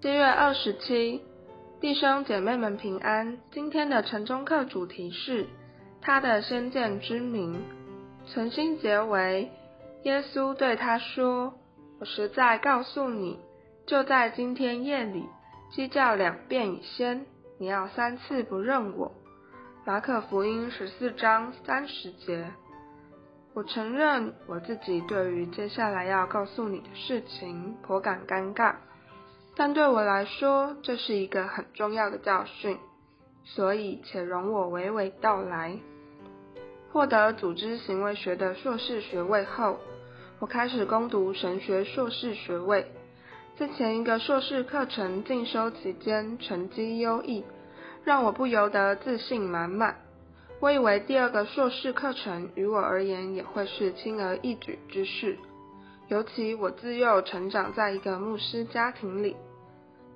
七月二十七，弟兄姐妹們平安。今天的晨鐘課主題是他的先見之明。存心節為：耶穌對他說：“我實在告訴你，就在今天夜裡，雞叫兩遍以先，你要三次不認我。”馬可福音十四章三十節。我承認我自己對於接下來要告訴你的事情頗感尷尬。但對我來說，這是一個很重要的教訓，所以且容我娓娓道來。獲得組織行為學的碩士學位後，我開始攻讀神學碩士學位。在前一個碩士課程進修期間，成績優異，讓我不由得自信滿滿。我以為第二個碩士課程於我而言也會是輕而易舉之事，尤其我自幼成長在一個牧師家庭裡。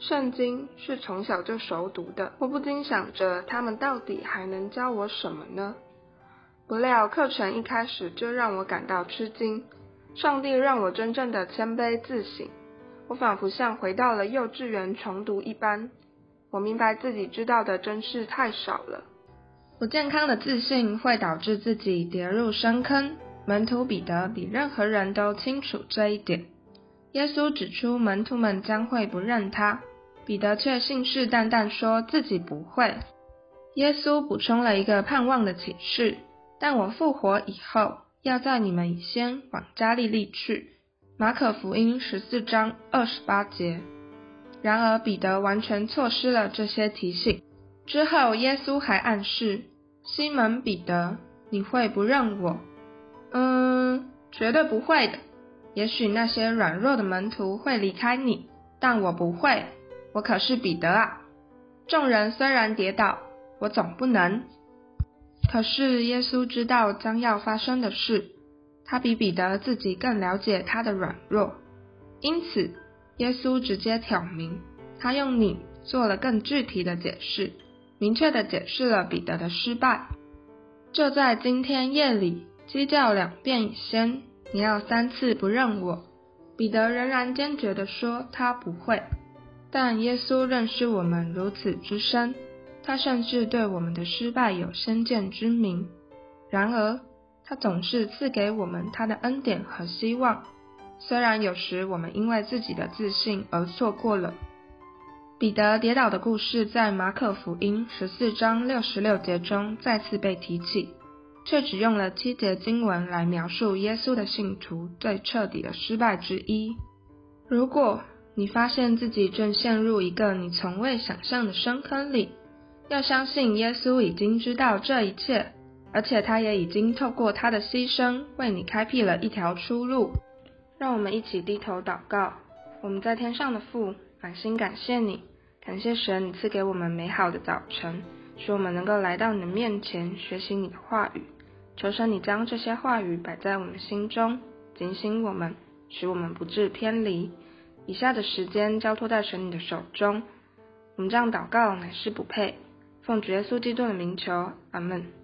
聖經是從小就熟讀的，我不禁想着他們到底還能教我什麼呢？不料課程一開始就讓我感到吃驚，上帝讓我真正的謙卑自省，我仿佛像回到了幼稚園重讀一般。我明白自己知道的真是太少了。不健康的自信會導致自己跌入深坑。門徒彼得比任何人都清楚這一點。耶穌指出門徒們將會不認他。彼得卻信誓旦旦說自己不會。耶穌補充了一個盼望的啟示：“但我復活以後，要在你們先往加利利去。”馬可福音十四章二十八節。然而，彼得完全錯失了這些提醒。之後，耶穌還暗示：“西門彼得，你會不認我？”嗯，絕對不會的。也許那些軟弱的門徒會離開你，但我不會。我可是彼得啊！眾人雖然跌倒，我總不能。可是耶穌知道將要發生的事，他比彼得自己更了解他的軟弱，因此耶穌直接挑明，他用“你”做了更具體的解釋，明確的解釋了彼得的失敗。就在今天夜裡，雞叫兩遍以先，你要三次不認我。彼得仍然堅決的說，他不會。但耶穌認識我們如此之深，他甚至對我們的失敗有先見之明。然而，他總是賜給我們他的恩典和希望，雖然有時我們因為自己的自信而錯過了。彼得跌倒的故事在馬可福音十四章六十六節中再次被提起，却只用了七節經文來描述耶穌的信徒最徹底的失敗之一。如果。你發現自己正陷入一個你從未想象的深坑裡。要相信耶穌已經知道這一切，而且他也已經透過他的犧牲為你開闢了一條出路。讓我們一起低頭禱告。我們在天上的父，滿心感謝你，感謝神，你賜給我們美好的早晨，使我們能夠來到你的面前學習你的話語。求神你將這些話語擺在我們心中，警醒我們，使我們不致偏離。以下的時間交托在神祢的手中，我們這樣禱告乃是不配，奉主耶穌基督的名求，阿門。